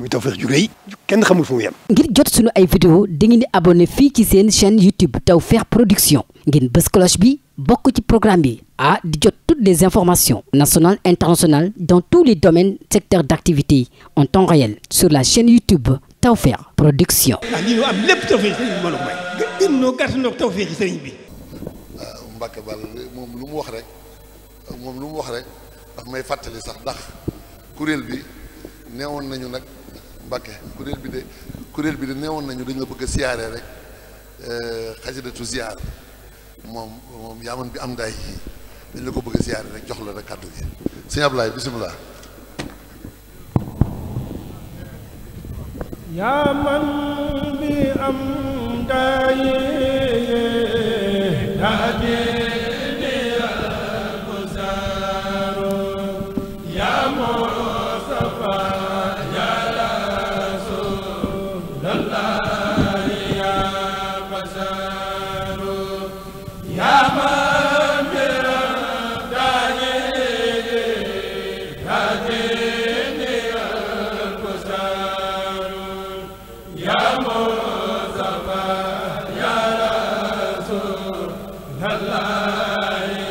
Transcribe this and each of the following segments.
muy Tawfekh ju di fii ci seen chaîne YouTube Tawfekh Production ngeen ci programme bi ah di jot toutes les informations nationales internationales dans tous les domaines secteurs d'activité en temps réel la chaîne YouTube Tawfekh Production. ah lii ñu am lépp Tawfekh sëriñ bi ma la moom lu mu wax rek moom lu mu wax rek daf may fàttali sax ndax kuréel bi neewoon nañu nag. Mbakke kuréel bi de kuréel bi de neewoon nañu dañu la bëgg a siyaare rek euh, xasidatu ziar moom moom yaaman bi am ndaay yi dañ la ko bëgg a rek jox la rek kàddu gi sëñ Ablaye bisimilah. yaaman bi am ndaay Allah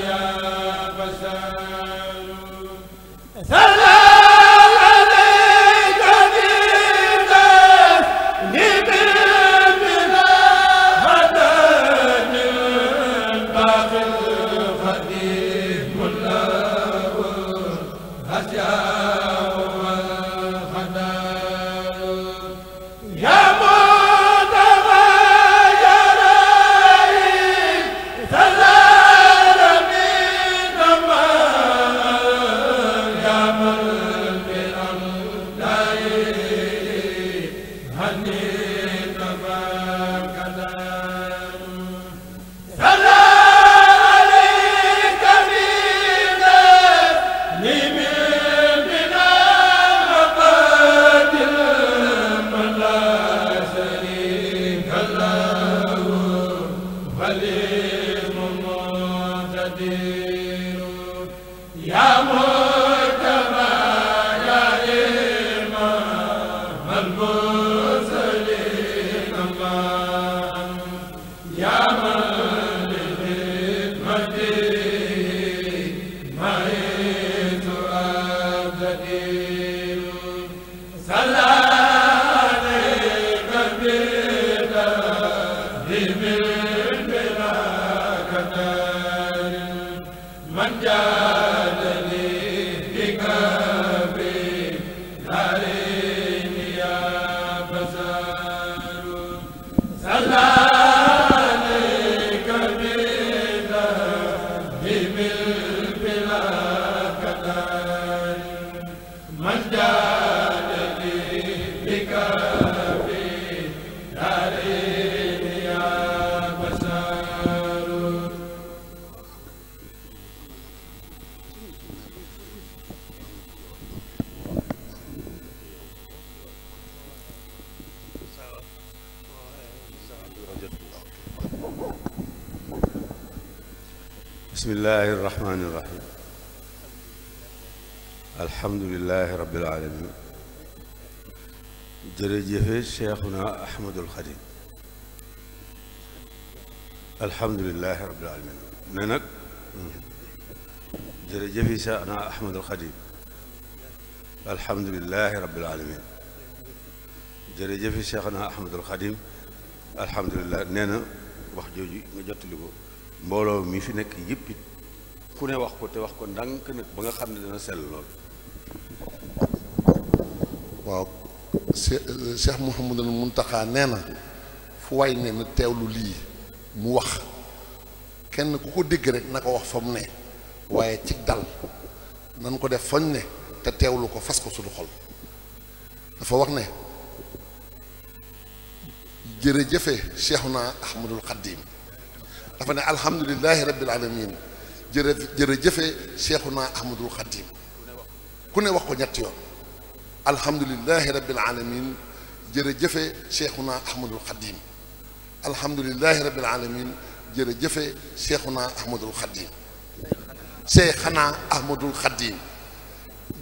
salaam bismillaahi irrahmaani irrahim alhamdulilahi rabbil alamin jërëjëfe cheikhuna ahmadul xadim alhamdulilahi rabbil alamin ne nag jërëjëfe cheikhuna ahmadul xadim alhamdulilahi rabbil alamin jërëjëfe cheikhuna ahmadul xadim alhamdulilah nee na wax jooju nga jottali ko mbooloo mii fi nekk yépp it ku ne wax ko te wax ko ndànk nag ba nga xam ne dana sell lool waaw Cheikh Mouhamadul Muntaxa nee na fu way ne na teewlu lii mu wax kenn ku ko dégg rek na ko wax fa mu ne waaye ci dal nan ko def fañ ne te teewlu ko fas ko suñu xol dafa wax ne jërëjëfe naa Ahmadul Xaddim dafa ne alhamdulilahi rabbil alamin jërë jërëjëfe cheikhuna ahmadul xadim ku ne wax ko ñetti yoon alhamdulilahi rabbil alamin jërëjëfe cheikhuna ahmadul xadim alhamdulilahi rabbil alamin jërëjëfe cheikhuna ahmadul xadim cheikhana ahmadul xadim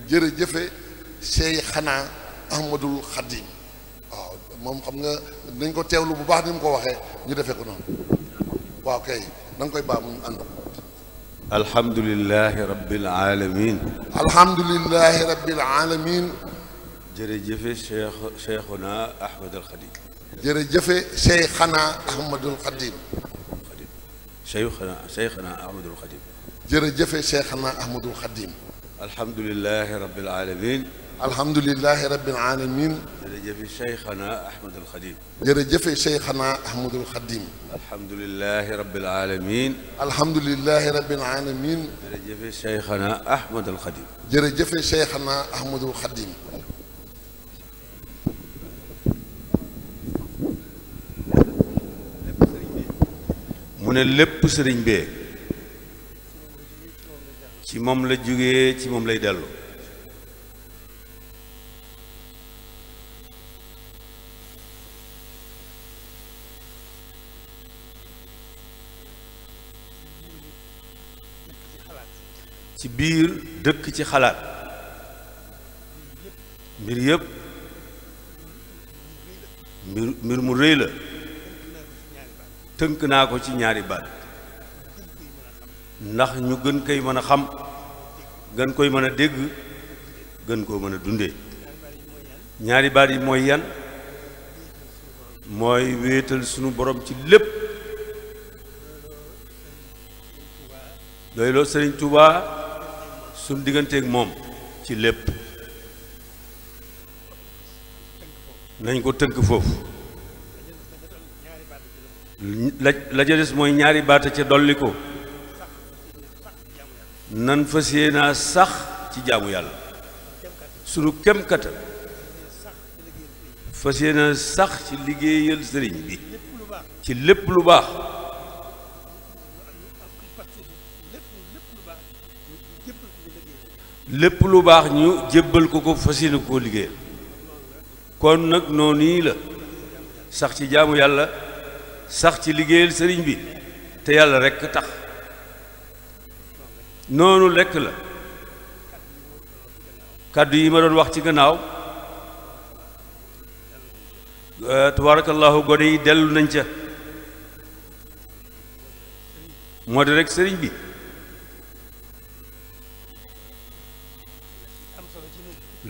jërëjëfe cheikhana ahmadul xadim waaw moom xam nga nañ ko teewlu bu baax ni mu ko waxee ñu defee ko waaw kay da nga koy baax mu ñu ànd alhamdulilahi rabbil alamin alhamdulilahi rabbil alamin jërëjëfe cheikh cheikhuna ahmadul xadim jërëjëfe cheikhana ahmadul xadim cheikhana cheikhana ahmadul xadim jërëjëfe cheikhana ahmadul xadim alhamdulilahi rabbil alamin alhamdulilahi rabbil alamin jërëjëfe Cheikhana Ahmadul Xadim jërëjëfe Cheikhana Ahmadul Xadim alhamdulilahi rabbil alamin alhamdulilahi rabbil alamin jërëjëfe Cheikhana Ahmadul Xadim jërëjëfe Cheikhana Ahmadul Xadim mu ne lépp sëriñ bee ci moom la jógee ci moom lay dellu biir dëkk ci xalaat mbir yépp mbir mu réy la tënk naa ko ci ñaari baat ndax ñu gën koy mën a xam gën koy mën a dégg gën koo mën a dunde ñaari baat yi mooy yan mooy wéetal sunu borom ci lépp doyloo Sëriñ Tuubaa suñ digganteek moom ci lépp nañ ko tënk foofu la la mooy ñaari baata ca dolli ko nan fas yéenaa sax ci jaamu yàlla sunu kem kata fas yéenaa sax ci liggéeyal sëriñ bi ci lépp lu baax lépp lu baax ñu jébbal ko ko fas yéene koo liggéeyal kon nag noonu nii la sax ci jaamu yàlla sax ci liggéeyal sëriñ bi te yàlla rekk a tax noonu lekk la kàddu yi ma doon wax ci gannaaw euh, tabaarakallaahu gone yi dellu nañ ca moo di rekk sëriñ bi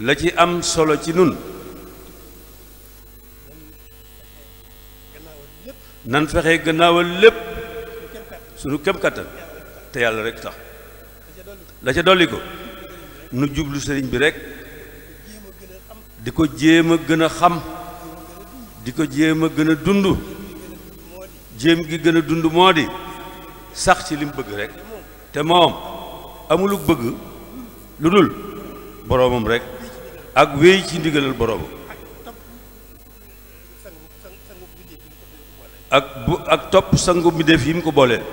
la ci am solo ci nun nan fexe gannaawal lépp sunu kem kattan te yàlla rekk tax la ca dolli ko nu jublu sëriñ bi rekk di ko jéem a gën a xam di ko jéem a gën a dund jéem gi gën a dund moo di sax ci lim bëgg rekk te moom amulu bëgg lu dul boroomam rekk ak wéy ci ndigalal boroomam ak bu ak topp sangu bi yi mu ko booleel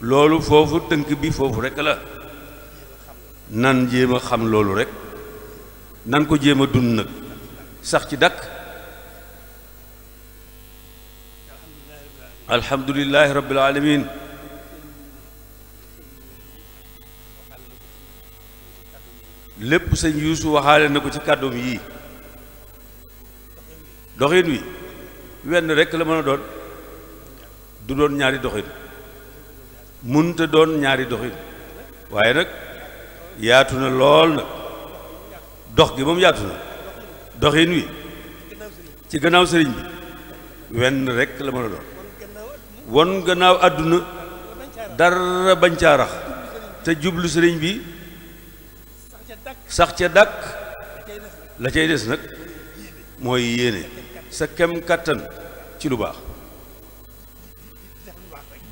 loolu foofu tënk bi foofu rekk la nan jéem xam loolu rek nan ko jéem a dund nag sax ci dàkk alhamdulillahi rabbil alamin lépp sëñ yuusu waxaale na ko ci kàddoom yii doxin wi wenn rekk la mën a doon du doon ñaari doxin munte doon ñaari doxin waaye nag yaatu na lool nag dox gi moom yaatu na doxin wi ci gannaaw sëriñ bi wenn rekk la mën a doon won gannaaw àdduna dara bañ caa te jublu sëriñ bi sax ca dàkk la cay des nag mooy yéene sa kem kàttan ci lu baax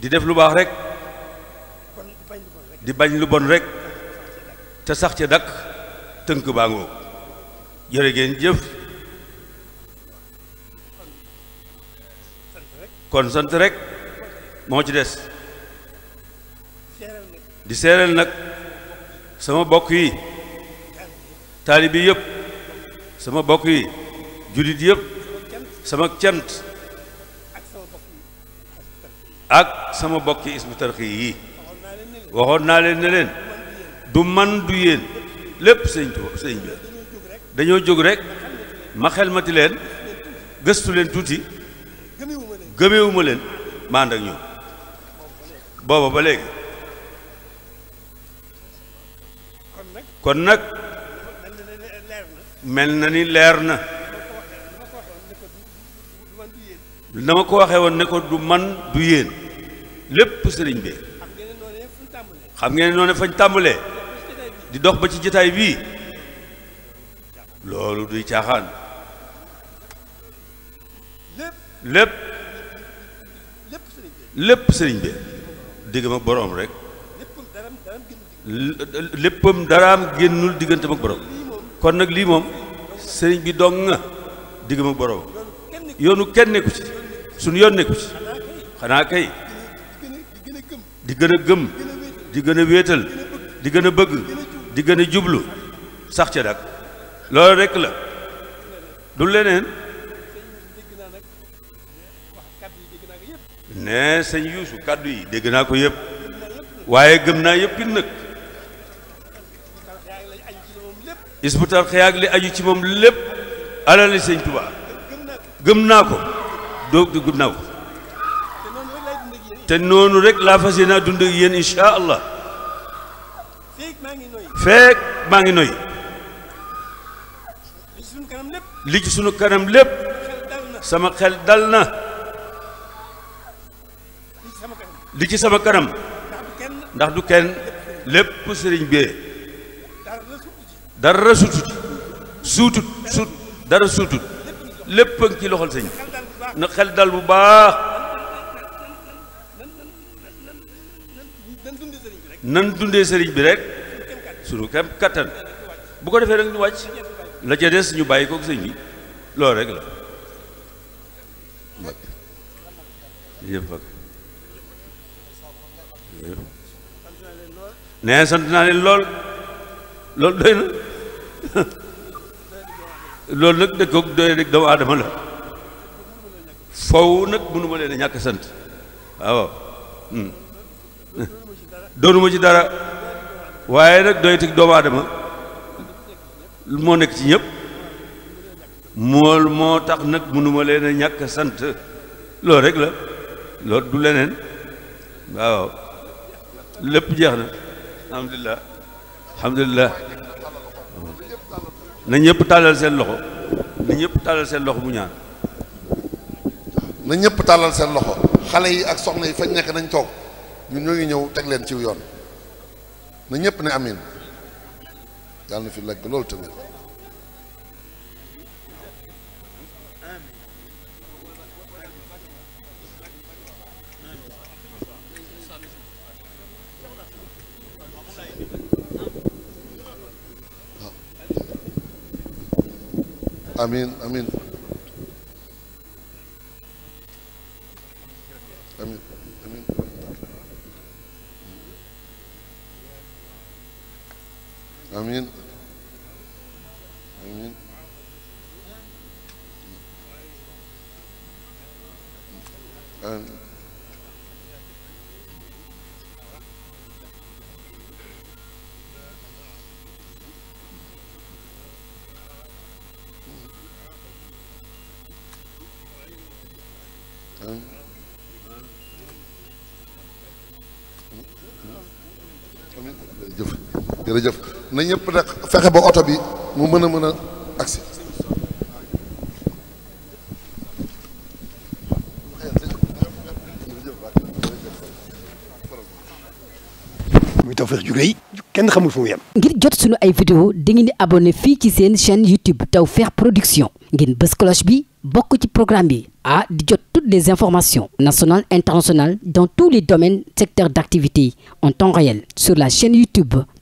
di def lu baax rek di bañ lu bon rek te sax ca dàkk tënk baa ngoo jërë ngeen jëf kon sant rek moo ci des di seereel nag sama bokk yi taalibe yépp sama bokk yi jullit yépp sama cant ak sama bokki isbu tarxi yi waxoon naa leen ne du man du yéen lépp sëñ Tuubaa sëñ bi dañoo jóg rek ma xelmati leen gëstu leen tuuti gëmewuma leen ma ànd ak booba ba léegi kon nag mel na ni leer na dama ko waxee woon ne ko du man du yéen lépp sëriñ bi xam ngeen noonu fañ tàmbalee di dox ba ci jotaay bii loolu duy caaxaan lépp lépp sëriñ bi digg ma boroom rek léppam daraam génnul diggante mag boroom kon nag lii moom sëriñ bi dong na diggam ak borom yoonu kenn nekku ci suñu yoon nekku ci xanaa kay di gën a gëm di gën a wéetal di gën a bëgg di gën a jublu sax ca dak loolu rekk la du leneen ne sëñ Yuusu kàddu yi dégg naa ko yëpp waaye gëm naa yëpp it Hizbut Tarqiyyah ak li aju ci moom lépp alali sëñ Tuubaa gëm naa ko doog di gëm naa ko te noonu rek laa fas yéene dund ak yéen incha allah feek maa ngi noy li ci sunu kanam lépp sama xel dal na li ci sama kanam ndax du kenn lépp sëriñ bi dara suutut suutut suut dara suutut lépp ci loxol sëñ na xel dal bu baax nan dundee sëriñ bi rek sunu kam kattan bu ko defee rek ñu wàcc la ca des ñu bàyyi ko sëñ bi loolu rek la nee sant naa leen lool loolu doy na loolu nag dëkkoog doy rek doomu aadama la fow nag mënu ma leen ñàkk sant waaw hmm. doonuma ci dara waaye nag doy tig doomu aadama moo nekk ci ñëpp mool moo tax nag mënuma leen a ñàkk sant loolu rek la loolu du leneen waaw lépp jeex na alhamdulilah alhamdulilah na ñëpp tàllal seen loxo na ñëpp tàllal seen loxo mu ñaan na ñëpp tàllal seen loxo xale yi ak soxna yi fañ nekk nañ toog ñu ñoo ngi ñëw teg leen ciw yoon na ñëpp ne amin yàlla na fi lekk loolu tamit amiin amiin jërëjëf na ñëpp nag fexe ba mën a mën a agsi muy Tawfekh ju ngir jot sunu ay vidéo dangeen di abonné fii ci seen chaîne YouTube Tawfekh Production ngeen bës bi bokk ci programme bi ah di jot toutes les informations nationales internationales dans tous les domaines secteurs d'activité en temps réel sur la chaîne YouTube